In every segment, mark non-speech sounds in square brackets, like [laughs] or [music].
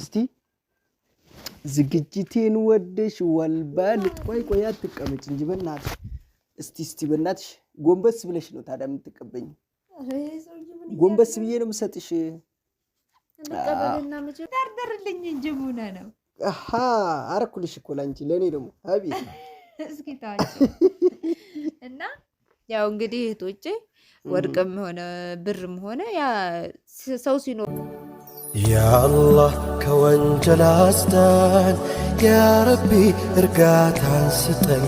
እስቲ ዝግጅቴን ወደሽ ወልባል ቆይ ቆይ አትቀመጭ እንጂ በእናትሽ እስቲ እስቲ በናትሽ ጎንበስ ብለሽ ነው ታዲያ የምትቀበኝ? ጎንበስ ብዬ ነው የምሰጥሽ። ደርደርልኝ እንጂ ቡና ነው አረኩልሽ እኮ ላንቺ ለእኔ ደግሞ አቤት እስኪ ታቸው እና ያው እንግዲህ እህቶቼ ወርቅም ሆነ ብርም ሆነ ያ ሰው ሲኖር ያአላህ ከወንጀል አስዳን፣ ያረቢ እርጋታን ስጠን፣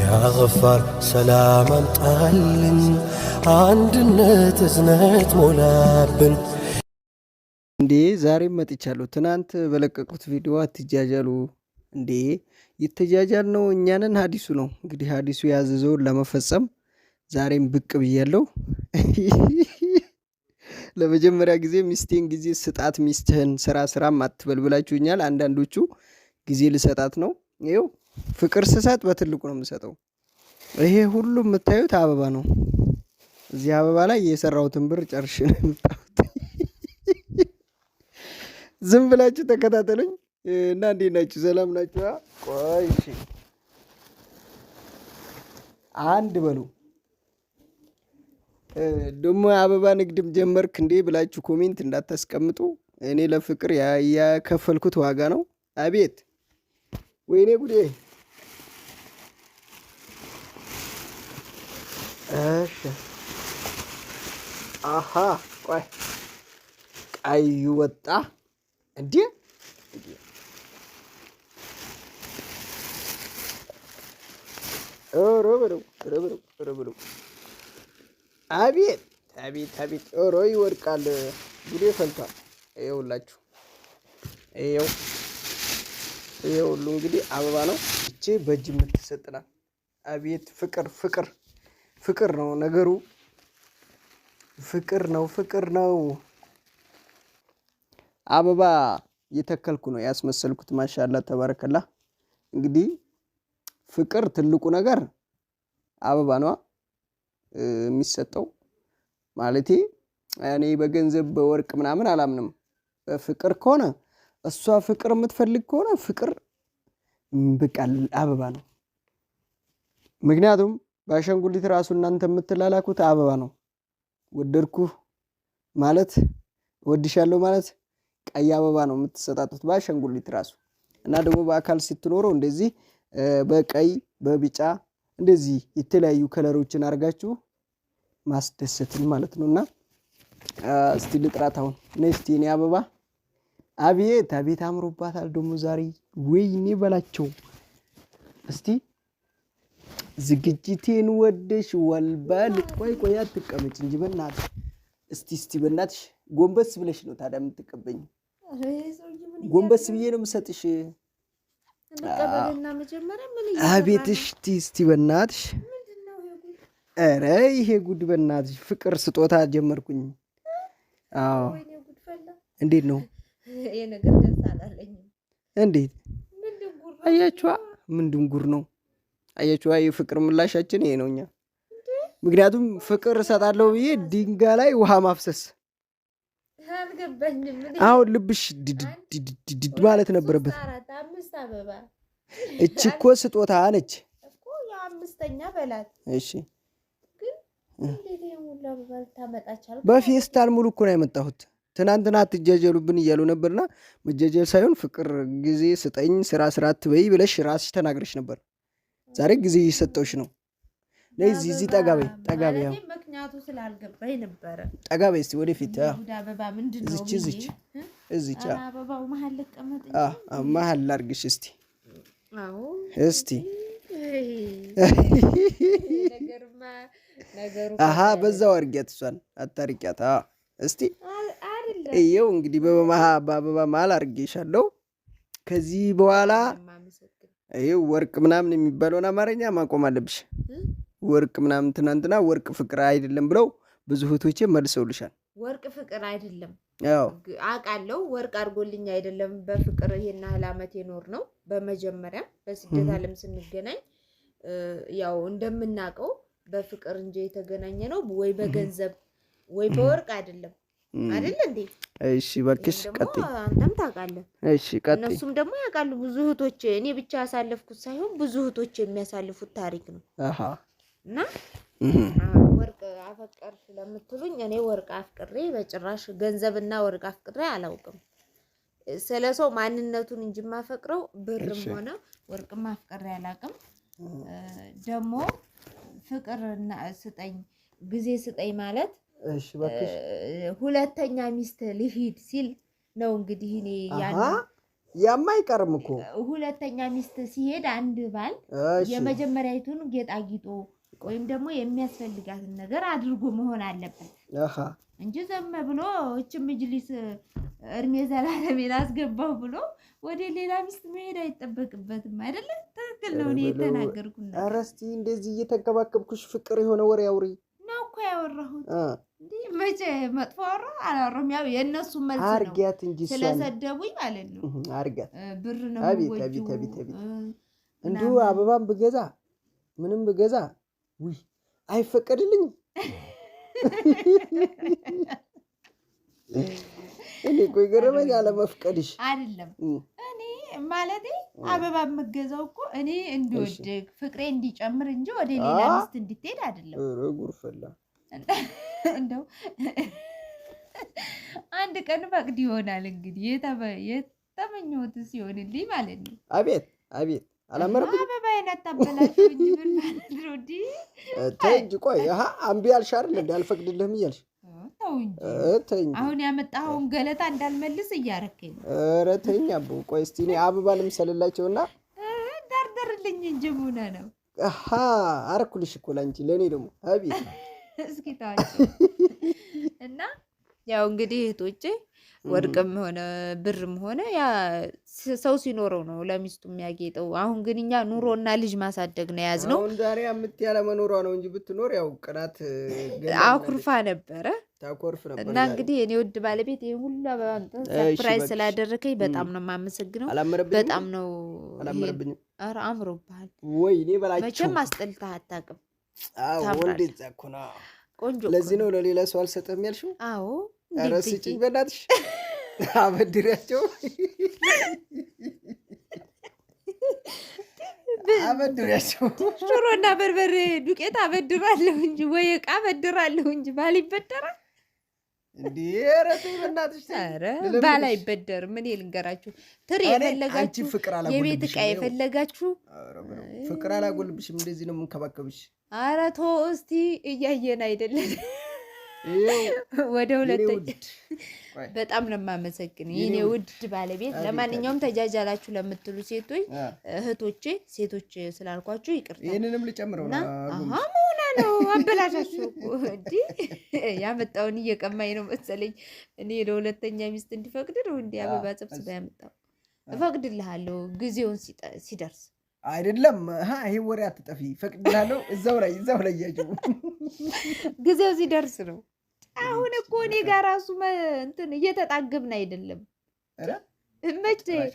ያፋር ሰላም አምጣልን፣ አንድነት እዝነት ሞላብን። እንዴ ዛሬም መጥቻለሁ። ትናንት በለቀቁት ቪዲዮ አትጃጃሉ እንዴ ይተጃጃል ነው እኛንን ሀዲሱ ነው እንግዲህ ሀዲሱ ያዘዘውን ለመፈጸም ዛሬም ብቅ ብያለሁ። [laughs] ለመጀመሪያ ጊዜ ሚስቴን ጊዜ ስጣት፣ ሚስትህን ስራ ስራም አትበል ብላችሁኛል። አንዳንዶቹ ጊዜ ልሰጣት ነው። ይኸው ፍቅር ስሰጥ በትልቁ ነው የምሰጠው። ይሄ ሁሉ የምታዩት አበባ ነው። እዚህ አበባ ላይ የሰራሁትን ብር ጨርሽ ነው የምታዩት። ዝም ብላችሁ ተከታተሉኝ እና እንዴት ናችሁ? ሰላም ናችሁ? ቆይ አንድ በሉ ደሞ አበባ ንግድም ጀመርክ እንዴ ብላችሁ ኮሜንት እንዳታስቀምጡ። እኔ ለፍቅር ያከፈልኩት ዋጋ ነው። አቤት ወይኔ ጉዴ! እሺ አሀ፣ ቆይ ቀዩ ወጣ እንዴ! ኧረ በለው ኧረ አቤት አቤት አቤት! ኦሮ ይወድቃል፣ ጉዴ ፈልቷል። ይኸውላችሁ ይኸው ይሄ ሁሉ እንግዲህ አበባ ነው። እቺ በእጅ የምትሰጥናት አቤት ፍቅር ፍቅር ፍቅር ነው ነገሩ፣ ፍቅር ነው ፍቅር ነው። አበባ እየተከልኩ ነው ያስመሰልኩት። ማሻላ ተባረከላ። እንግዲህ ፍቅር ትልቁ ነገር አበባ ነዋ። የሚሰጠው ማለቴ እኔ በገንዘብ በወርቅ ምናምን አላምንም። በፍቅር ከሆነ እሷ ፍቅር የምትፈልግ ከሆነ ፍቅር በቃል አበባ ነው። ምክንያቱም በአሻንጉሊት ራሱ እናንተ የምትላላኩት አበባ ነው። ወደድኩህ ማለት ወድሻለሁ ማለት ቀይ አበባ ነው የምትሰጣጡት በአሻንጉሊት ራሱ እና ደግሞ በአካል ስትኖረው እንደዚህ በቀይ በቢጫ እንደዚህ የተለያዩ ከለሮችን አድርጋችሁ ማስደሰትን ማለት ነው። እና እስቲ ልጥራት አሁን ነስቲ እኔ አበባ አቤት አቤት አምሮባታል ደግሞ ዛሬ ወይኔ በላቸው። እስቲ ዝግጅቴን ወደሽ ወልበል ቆይ ቆይ አትቀመጭ እንጂ በእናትሽ እስቲ እስቲ በናትሽ ጎንበስ ብለሽ ነው ታዲያ የምትቀበኝ? ጎንበስ ብዬ ነው የምሰጥሽ። አቤትሽ እስቲ በናትሽ፣ ኧረ ይሄ ጉድ በናትሽ፣ ፍቅር ስጦታ ጀመርኩኝ። አዎ እንዴት ነው? እንዴት አያችዋ ምን ድንጉር ነው አያችዋ የፍቅር ምላሻችን ይሄ ነው እኛ ምክንያቱም ፍቅር እሰጣለሁ ብዬ ድንጋይ ላይ ውሃ ማፍሰስ አሁን ልብሽ ድድድድ ማለት ነበረበት። አበባ እቺ እኮ ስጦታ ነች እኮ የአምስተኛ በላት። እሺ በፌስታል ሙሉ እኮ ነው ያመጣሁት። ትናንትና አትጃጀሉብን እያሉ ነበርና መጃጀል ሳይሆን ፍቅር ጊዜ ስጠኝ፣ ስራ ስራ ትበይ ብለሽ ራስሽ ተናግረሽ ነበር። ዛሬ ጊዜ እየሰጠሁሽ ነው። ለዚህ እዚህ ጠጋ በይ፣ ጠጋ በይ። ያው ምክንያቱ ስላልገባኝ ነበረ። ጠጋ በይ እስኪ ወደፊት። አዎ እዚች እዚህ ጫ መሀል ላድርግሽ እስቲ እስቲ አሀ በዛው አድርጊያት፣ እሷን አታርቂያት። እስቲ ይኸው እንግዲህ በአበባ መሀል አድርጌሻለሁ። ከዚህ በኋላ ይኸው ወርቅ ምናምን የሚባለውን አማርኛ ማቆም አለብሽ። ወርቅ ምናምን ትናንትና ወርቅ ፍቅር አይደለም ብለው ብዙ እህቶቼ መልሰውልሻል። ወርቅ ፍቅር አይደለም አውቃለሁ። ወርቅ አድርጎልኝ አይደለም በፍቅር ይሄን ያህል አመት የኖር ነው። በመጀመሪያ በስደት አለም ስንገናኝ ያው እንደምናውቀው በፍቅር እንጂ የተገናኘ ነው ወይ በገንዘብ ወይ በወርቅ አይደለም አይደል እንዴ? እሺ እባክሽ ቀጥይ። አንተም ታውቃለህ። እሺ ቀጥይ። እነሱም ደግሞ ያውቃሉ። ብዙ እህቶች እኔ ብቻ ያሳለፍኩት ሳይሆን ብዙ እህቶች የሚያሳልፉት ታሪክ ነው። እና ወርቅ አፈቀርሽ ለምትሉኝ እኔ ወርቅ አፍቅሬ በጭራሽ ገንዘብና ወርቅ አፍቅሬ አላውቅም። ስለ ሰው ማንነቱን እንጂ የማፈቅረው ብርም ሆነ ወርቅም አፍቅሬ አላውቅም። ደግሞ ፍቅር ስጠኝ ጊዜ ስጠኝ ማለት ሁለተኛ ሚስት ልሂድ ሲል ነው እንግዲህ እኔ ያማ አይቀርም እኮ ሁለተኛ ሚስት ሲሄድ አንድ ባል የመጀመሪያዊቱን ጌጣጌጦ ወይም ደግሞ የሚያስፈልጋትን ነገር አድርጎ መሆን አለበት እንጂ ዘመ ብሎ እች ምጅሊስ እድሜ ዘላለሜን አስገባው ብሎ ወደ ሌላ ሚስት መሄድ አይጠበቅበትም። አይደለም? ትክክል ነው። እኔ የተናገርኩና ኧረ እንደዚህ እየተንከባከብኩሽ ፍቅር የሆነ ወሬ አውሪ ነው እኮ ያወራሁት። እንዲህ መቼ መጥፎ አወራሁ አላወራሁም። ያው የእነሱ መልስ ነው። አርጊያት እንጂ ስለሰደቡኝ ማለት ነው። አርጊያት ብር ነው ወጁ እንዲሁ አበባም ብገዛ ምንም ብገዛ ውይ አይፈቀድልኝ። እኔ እኮ የገረመኝ አለመፍቀድሽ አይደለም። እኔ ማለት አበባ የምገዛው እኮ እኔ እንዲወድግ ፍቅሬ እንዲጨምር እንጂ ወደ ሌላ ሚስት እንድትሄድ አይደለም። ፈላ እንደው አንድ ቀን ፈቅድ ይሆናል እንግዲህ የተመኘሁት ሲሆንልኝ ማለት ነው። አቤት አቤት አላመረብኝ አንቢ ያልሽ አይደል እንደ አልፈቅድልህም እያልሽ አሁን ያመጣኸውን ገለታ እንዳልመልስ እያረከኝ ነው። ኧረ ተይኝ አቦ። ቆይ እስኪ እኔ አበባ እንጂ ነው አረኩልሽ እኮ ለአንቺ ለእኔ ደግሞ አቤት [laughs] እስኪ እና ያው እንግዲህ እህቶቼ ወርቅም ሆነ ብርም ሆነ ያ ሰው ሲኖረው ነው ለሚስቱ የሚያጌጠው። አሁን ግን እኛ ኑሮና ልጅ ማሳደግ ነው ያዝ ነው። ዛሬ አምት ያለ መኖሯ ነው እንጂ ብትኖር ያው ቅናት አኩርፋ ነበረ ታኮርፍ ነበር። እና እንግዲህ እኔ ውድ ባለቤት ይህ ሁሉ ሰርፕራይዝ ስላደረከኝ በጣም ነው የማመሰግነው። በጣም ነው ኧረ አምሮብሃል። ወይ እኔ በላቸው መቼም አስጠልተህ አታውቅም። ወንዴ ቆንጆ። ለዚህ ነው ለሌላ ሰው አልሰጠም ያልሽው? አዎ ኧረ ስጪኝ በእናትሽ አበድሪያቸው አበድሪያቸው ሽሮና በርበሬ ዱቄት አበድራለሁ እንጂ ወይ ዕቃ አበድራለሁ እንጂ ባል ይበደራል። ባል አይበደርም። ምን ልንገራችሁ ትር የፈለጋችሁ የቤት ዕቃ የፈለጋችሁ ፍቅር አላጎልብሽም። እንደዚህ ነው የምንከባከብሽ። ኧረ ተው እስቲ እያየን አይደለን ወደ ሁለተኛ በጣም ነው የማመሰግን የኔ ውድ ባለቤት። ለማንኛውም ተጃጃላችሁ ለምትሉ ሴቶች እህቶቼ፣ ሴቶች ስላልኳችሁ ይቅርታ። ይህንንም ልጨምረው መሆና ነው አበላሻችሁ እኮ ያመጣውን እየቀማኝ ነው መሰለኝ። እኔ ለሁለተኛ ሚስት እንዲፈቅድ ነው እንዲ አበባ ሰብስባ ያመጣው። እፈቅድልሃለሁ ጊዜውን ሲደርስ አይደለም ይሄ ወሬ አትጠፊ፣ ፈቅድላለው እዛው ላይ እዛው ላይ ጊዜው ሲደርስ ነው አሁን እኮ እኔ ጋር ራሱ እንትን እየተጣገብን አይደለም። [laughs] ለምሳሌ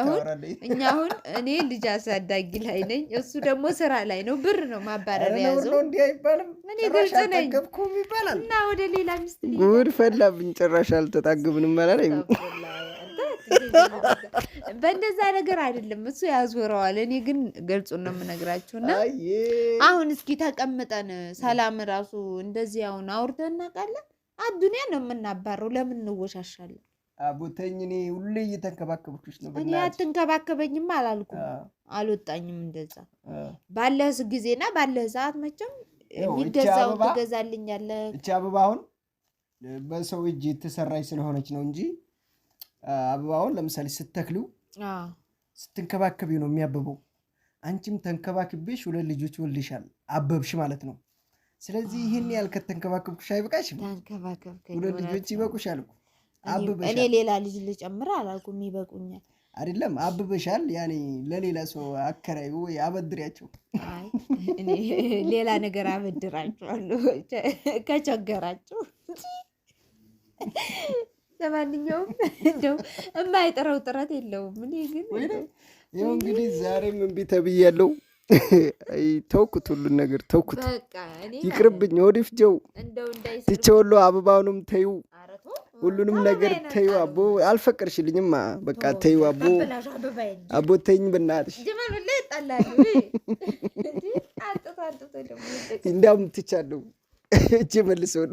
አሁን እኛ አሁን እኔ ልጅ አሳዳጊ ላይ ነኝ፣ እሱ ደግሞ ስራ ላይ ነው። ብር ነው ማባረር የያዘው። እና ወደ ሌላ ሚስት ጉድ ፈላብን። ጭራሽ አልተጣግብንም አላለኝ በእንደዛ ነገር አይደለም እሱ ያዞረዋል። እኔ ግን ገልጹ ነው የምነግራችሁ። እና አሁን እስኪ ተቀምጠን ሰላም ራሱ እንደዚህ አሁን አውርተን እናውቃለን። አዱኒያ ነው የምናባረው። ለምን እንወሻሻለን? አቦተኝ እኔ ሁሌ እየተንከባከብኩሽ ነው። እኔ አትንከባከበኝም አላልኩም፣ አልወጣኝም። እንደዛ ባለህ ጊዜና ባለህ ሰዓት መቼም የሚገዛው ትገዛልኛለህ። እቺ አበባ አሁን በሰው እጅ የተሰራች ስለሆነች ነው እንጂ አበባውን ለምሳሌ ስተክሉ ስትንከባከቢ ነው የሚያበበው። አንቺም ተንከባክቤሽ ሁለት ልጆች ወልሻል፣ አበብሽ ማለት ነው። ስለዚህ ይህን ያህል ከተንከባከብኩሽ አይበቃሽ? ሁለት ልጆች ይበቁሻል እኔ ሌላ ልጅ ልጨምር አላልኩም፣ ይበቁኛል አይደለም አብበሻል። ያኔ ለሌላ ሰው አከራዩ ወይ አበድሪያቸው። ሌላ ነገር አበድራቸዋለሁ ከቸገራቸው ለማንኛውም እንደው የማይጠራው ጥረት የለውም። እኔ ግን ይኸው እንግዲህ ዛሬም እምቢ ተብያለሁ። ተውኩት፣ ሁሉን ነገር ተውኩት። ይቅርብኝ፣ ወዲፍ ጀው ትቸወሎ አበባውንም ተዩ፣ ሁሉንም ነገር ተዩ። አቦ አልፈቅርሽልኝም፣ በቃ ተዩ። አቦ አቦ ተኝ ብናልሽ እንዲያውም ትቻለሁ እጅ መልሰሉ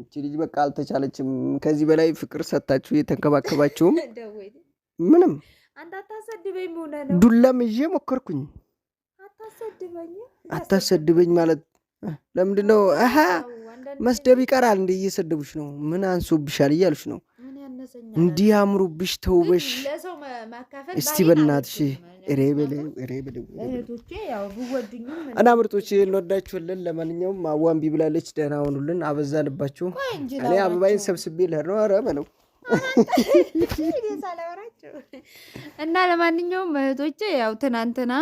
እቺ ልጅ በቃ አልተቻለችም። ከዚህ በላይ ፍቅር ሰታችሁ የተንከባከባችሁም [laughs] ምንም ዱላም ይዤ ሞከርኩኝ። አታሰድበኝ ማለት ለምንድን ነው? መስደብ ይቀራል። እንዴ እየሰደቡሽ ነው። ምን አንሶብሻል እያሉሽ ነው። እንዲህ አምሩብሽ፣ ተውበሽ እስቲ በናትሽ እና ምርጦች እንወዳችሁልን። ለማንኛውም አዋንቢ ብላለች። ደህና ሆኑልን። አበዛንባችሁ። እኔ አበባይን ሰብስቤ ልሄድ ነው። ኧረ በለው [laughs] እና ለማንኛውም እህቶቼ ያው ትናንትና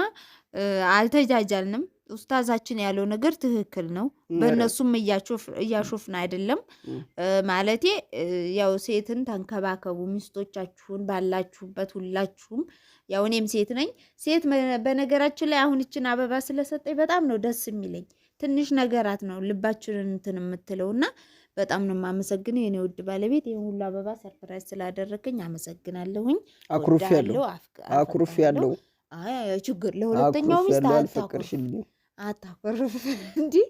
አልተጃጃልንም ኡስታዛችን ያለው ነገር ትክክል ነው። በእነሱም እያሾፍን አይደለም ማለቴ፣ ያው ሴትን ተንከባከቡ ሚስቶቻችሁን ባላችሁበት ሁላችሁም። ያው እኔም ሴት ነኝ። ሴት በነገራችን ላይ አሁን ይችን አበባ ስለሰጠኝ በጣም ነው ደስ የሚለኝ። ትንሽ ነገራት ነው ልባችንን እንትን የምትለው እና በጣም ነው የማመሰግነው የኔ ውድ ባለቤት ይህን ሁሉ አበባ ሰርፕራይዝ ስላደረገኝ አመሰግናለሁኝ። አኩርፍ ያለው ያለው ችግር ለሁለተኛው ሚስት አልፈቅርሽልኝ አታኮርፍ እንዲህ